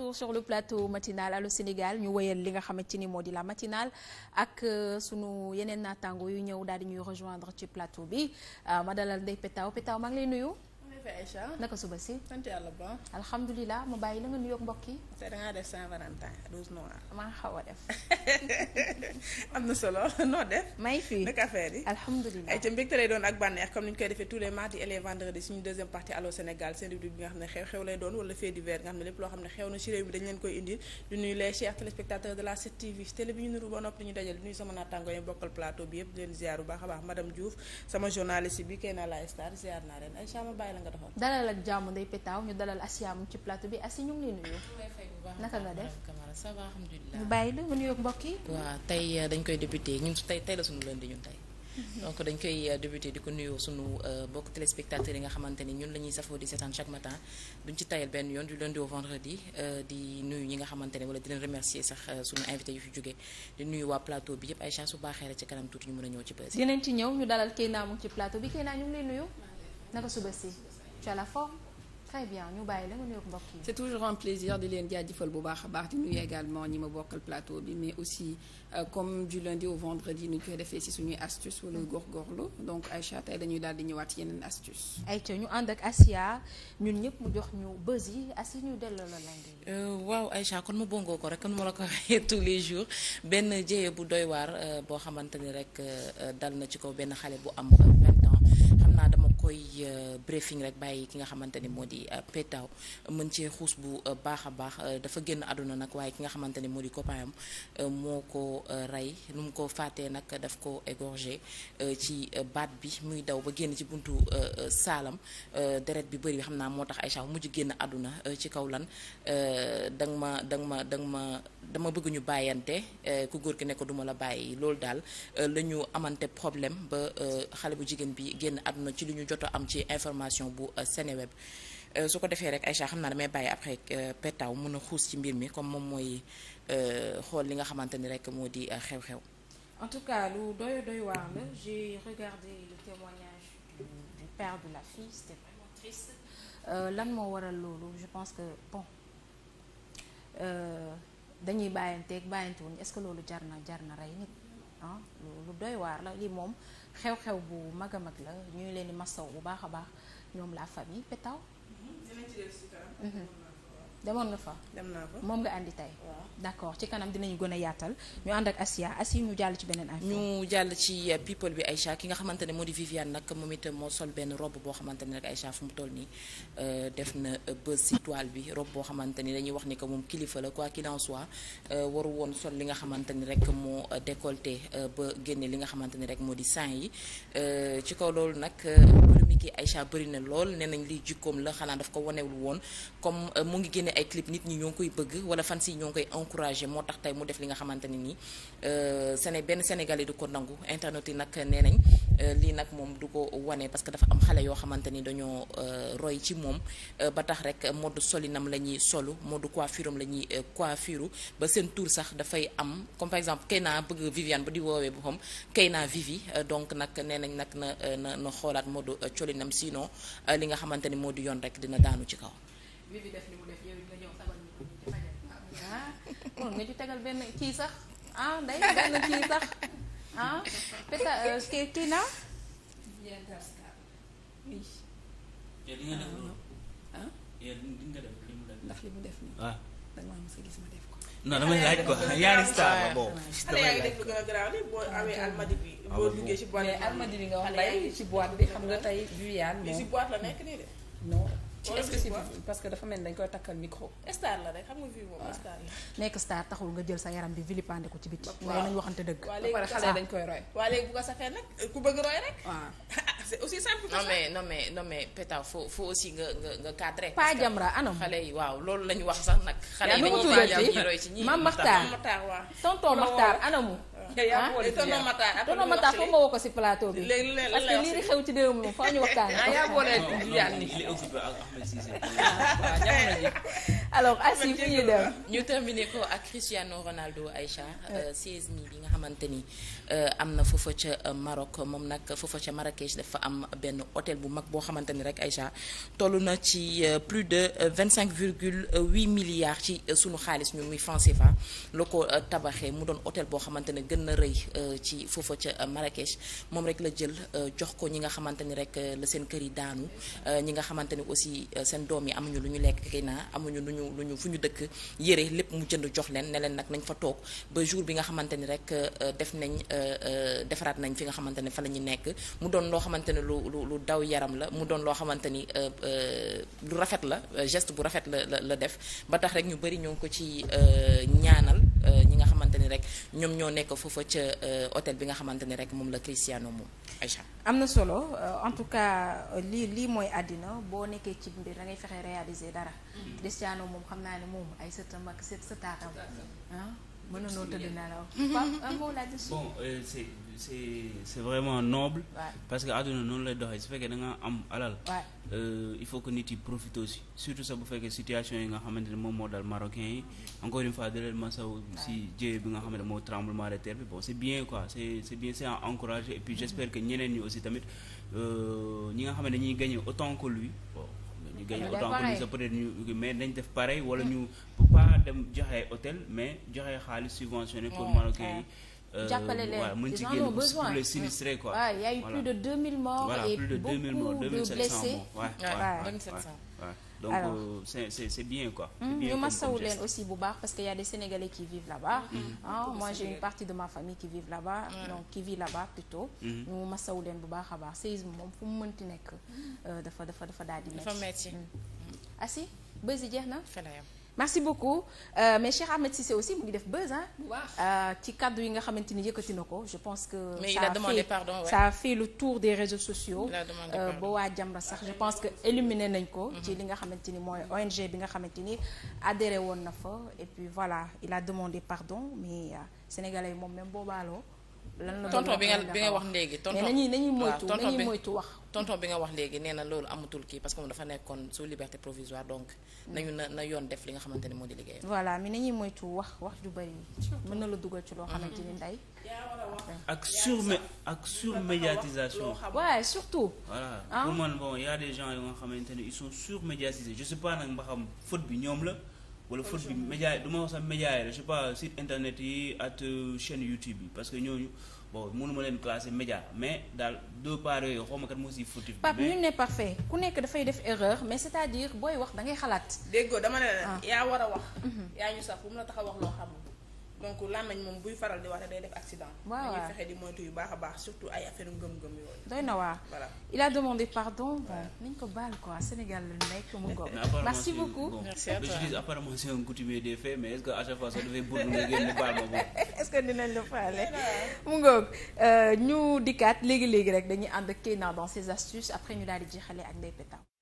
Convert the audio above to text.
retour sur le plateau matinal Allô Sénégal ñu wéyal li nga xamante ni moo di la matinale ak euh, sunu yeneen naataango yu ñëw daal di ñuy rejoindre ci plateau bi euh, ma dalal Ndeye Pétaw Pétaw maa ngi lay nuyu. defee Aïcha naka suba si. sant yàlla la nga nuyoog mbokk yi. tey da ngaa def Saint Valentin rose maa xaw def. am na solo noo def. may fii naka affaire yi. alhamdulilah ayca mbégte lay doon ak bànneex comme ni koy defee tous les mardis et les vendredis suñu deuxième partie Allô Sénégal seen rubrique bi nga xam ne xew-xew lay doon wala fait divers nga xam ne lépp loo xam ne xew na ci réew mi dañ leen koy indil du nuyu les chers téléspectateurs nga doxal. dalal ak jàmm day pétaaw ñu dalal Asia mu ci plateau bi Asi ñu ngi lay nuyu. naka nga def Camara ça va alhamdulilah. ñu bàyyi la mu nuyoog mbokk yi. waaw tey euh, dañ koy débuté ñun tey tey la suñu lundi ñun tey. donc dañ koy euh, débuté di ko nuyoo sunu euh, bokk téléspectateurs yi nga xamante ni ñun la ñuy safoo di seetaan chaque matin duñ ci tayal benn yoon du lundi au vendredi di nuyu ñi nga xamante ne wala di leen remercier sax sunu invité yu fi jógee di nuyu waa plateau bi yëpp ay chance su baaxee rek ci kanam tuuti ñu mën a ñëw ci bés. dinañ ci ñëw ñu dalal Keynaa mu ci plateau bi Keynaa ñu ngi lay nuyu. naka su bés yi ca as la forme très bien ñu bàyyi la nga nuyoog mbokk yi. c'est toujours un plaisir di leen jaajëfal bu baax a baax di nuyu également ñi ma bokkal plateau bi mais aussi euh, comme du lundi au vendredi nu ñu koy defee ci suñuy astuce wala góorgóorlu donc Aïcha tey dañuy daal di ñëwaat yeneen astuce. Aïcha ñu ànd ak Asia ñun ñëpp jox ñu bës yi Asia ñu delloo la lundi. Euh, waaw Aïcha kon ma bongoo ko rek kon ma la ko waxee tous les jours benn jéye bu doy waar euh, boo xamante ni rek dal na ci kaw benn xale bu am. naa dama koy euh, briefing rek bàyyi ki nga xamante moo di euh, Pétaw mën cee xuus bu euh, baax a baax dafa génn àdduna nag waaye ki nga xamante ni moo di copainam moo ko rey nu mu ko faatee nag daf ko égorgé ci baat bi muy daw ba génn ci buntu saalam deret bi bëri bi xam naa moo tax ay Aïcha mujj génn àdduna ci kaw lan danga ma danga ma danga ma dama bëgg ñu bàyyante ku góor ki nekk ko duma la bàyyi loolu daal la amante problème ba xale bu jigéen bi génn àdduna na ci lu ñu jot am ci information bu euh, Seneweb euh, su ko defee rek Aïcha xam naa damay bàyyi après euh, Petaw mën a xuus ci mbir mi comme moom mooy xool li nga xamante ni rek moo di xew-xew. en tout cas lu doy doy waar la j'ai regardé le témoignage du père de la fille c'était vraiment triste lan moo waral loolu je pense que bon. dañuy bàyyanteeg bàyyantuwuñ est-ce que loolu jar na jar na rey nit ah lu doy waar la lii moom xew-xew bu mag a mag la ñuy leen di masaw bu baax a baax ñoom la famille Pétaw. Mhm. dinañ ci def demoon nga fa. dem moom nga àndi tey. waaw ci kanam dinañu gën a yaatal ñu ànd ak Asia Asia ñu jàll ci beneen info. ñu jàll ci euh, people bi Aïcha ki nga xamante ne moo di Viviane nag moom it moo sol benn robe boo xamante ne nag Aïcha fu mu toll nii euh, def na euh, buzz ci toile bi robe boo xamante ni dañuy wax ni que moom kilifa la quoi qu'il en soit waru woon sol li nga xamante ni rek moo décolté ba génne li nga xamante ni rek moo di sein yi ci kaw loolu nag polémique yi Aïcha bëri na lool nee nañ liy jikkoom la xanaa daf ko wanewul woon comme mu ngi génne génne ay clip nit ñi ñoo ngi koy bëgg wala fans yi ñoo koy encouragé moo tax tey mu def li nga xamante ne nii euh, Séné benn Sénégalais du ko nangu internet yi nag nee nañ euh, lii nag moom du ko wane parce que dafa am xale yoo xamante ni dañoo euh, roy ci moom ba tax rek mode solinam la ñuy solu mode coiffuram la ñuy coiffuru ba seen tour sax dafay am comme par exemple bëgg Viviane ba di woowee boppam Keyna Vivi donc nag nee nañ nag na na xoolaat mode colinam sinon li nga xamante ni moo di yoon rek dina daanu ci kaw. moom nga ci tegal benn kii sax ah day ah, euh, ah? ndax li mu def nii. waaw ah. da nga mës a gis ma def ko. non damay laaj quoi yaari star la bon. damay laaj def lu gën a garaaw li boo amee almadi bi. boo duggee ci boîte mais almadi bi nga wax lay ci boîte bi xam nga tey Viviane moom. li la est-ce que si parce que dafa mel dañ koy takkal micro. star la rek xam nga fii moom star la. nekk star taxul nga jël sa yaram bi vilipande ko ci biti. waaw nañu waxante dëgg. waaw léegi xale dañ koy roy. waaw léegi bu waaw ah, c'est aussi simple que ça. non mais non mais non mais pétaw faut faut aussi nga nga nga cadré. anam xale yi waaw loolu la wax sax nag. xale yi dañuy roy ci ñii Mame Makhtar Tonton Makhtar anamu. tonton Matar tonton Matar foo ma woo ko si plateau bi. parce que lii di xew ci réew mi moom ñu waxtaanee. ah yaa boole Viviane nii li occupé ak Ahmed dem. ñu terminé ko ak Cristiano Ronaldo Aïcha. 16000 bi euh, nga xamante ni euh, am na foofa ca euh, Maroc moom nag foofa ca Marrakech dafa am benn hôtel bu mag boo xamante ni rek Aïcha toll na ci plus de cinq virgule 8 milliards ci sunu xaalis ñun muy franc CFA la ko tabaxee mu doon hôtel boo xamante ne gën. gën a rëy euh, ci foofa ca euh, moom rek la jël euh, jox ko ñi nga xamante ni rek la seen kër yi daanu ñi nga xamante ni aussi seen doom yi amuñu lu ñu lekk kay naa amuñu lu ñu lu ñu fu ñu dëkk yére lépp mu jënd jox leen ne leen nag nañ fa toog ba jour bi nga xamante ni rek def nañ defaraat nañ fi nga xamante ni fa la ñu nekk mu doon loo xamante ni lu lu lu daw yaram la mu doon loo xamante ni lu rafet la gest bu rafet la la la def ba tax rek ñu bëri ñoo ko ci ñaanal ñi nga xamante rek ñoom ñoo nekk fa ca euh, hôtel bi nga xamante ne rek moom la Cristiano moom Aïcha am na solo euh, en tout cas euh, lii lii mooy àddina boo nekkee ci mbir da ngay fexe réaliser dara mm-hmm. Cristiano moom xam naa ne moom ay sëtam ak sët sëtaatam mënunoo tëdd nelaw bon euh, c'est c'est vraiment noble ouais. parce que àdduna noonu lay doxee su fekkee da nga am alal euh, il faut que nit yi profite aussi surtout sax bu fekkee situation yi nga xamante ne moom moo dal marocain yi encore une fois da leen masaw si jéye bi nga xamante ne moo tremblement de terre bi bon c'est bien quoi c'est c'est bien c'est à encourager et puis mm-hmm. j'espère que ñeneen ñi aussi tamit euh, ñi nga xamante ne ñuy gagner autant que lui gagne autant que nous ça peut ñu mais nañ def pareil wala ñu pas dem joxe hôtel mais joxe xaalis subventionné pour marocains yi euh, jàppale leen mën ci génn pour les sinistrés quoi. voilà il a eu plus de 2000 morts. et beaucoup de blessés. voilà plus de 2000 morts 2700 moom waaw donc euh, c'est c'est bien quoi. ñu masawu leen aussi bu baax parce que y a des Sénégalais qui vivent là-bas. ah une partie de ma famille qui vivent là-bas. ki qui vit là-bas plutôt. ñu masawu leen bu baax a baax séisme moom fu mu mënti nekk euh, dafa dafa dafa daal di. dafa metti asi bés yi jeex na. merci beaucoup euh, mais Cheikh Ahmed Cissé aussi mu ngi def buzz ah. ci kaddu yi nga xamante ni yëkkati na ko je pense que. mais il a pardon ouais. ça a tour des réseaux sociaux. Euh, ba waa Jamra sax je pense que éliminé nañ ko. Mhm. ci li nga xamante ni mooy ONG bi nga xamante ni adhéré woon na fa et puis voilà il a demandé pardon mais euh, yi moom même boobaaloo. lan la tonton bi nga wax léegi tonton nañuy nañuy moytu nañuy moytu wax tonton bi nga wax léegi nee na loolu amatul kii parce que moom dafa nekkoon sous liberté provisoire donc na yoon def li nga xamante ne moo di liggéeyam voilà mais nañuy moytu wax wax ju bëri mën na la dugal ci loo mm-hmm. xamante ni ndey ak sur ak surmédiatisation waaw surtout voilà pour man bon y a des gens yoo nga xamante ne ils sont surmédiatisés je sais pas nag mba xam bi ñoom la wala foot bi média du ma wax sax média pas site internet yi ak chaîne YouTube yi parce que ñooñu bon mënuma leen classer média mais daal deux parts yooyu xaw ma kat moo siy fautif. mais parfait ku nekk dafay def erreur mais c'est-à-dire booy wax dangay xalaat. déggoo dama ne ah. yaa war a wax. Mhm. yaa ñu sax bu mun a tax a wax loo xamul. làmmiñ moom buy faral di wax day def accident. waaw dañuy fexe baax a baax surtout ay affaire ngëm-ngëm yooyu. doy na waar voilà il a demandé pardon. waaw ko baal quoi Sénégal la nekk mu góob. merci beaucoup bon, merci à toi je dis apparemment c'est un coutumier des faits mais est-ce que à chaque fois soo defee buur nga génn baal ma boobu. est mu ngoog euh, ñu dikkaat léegi léegi rek dañuy ànd ak Keina dans ses astuces après ñu daal di jeexalee ak Ndeye Pétaw.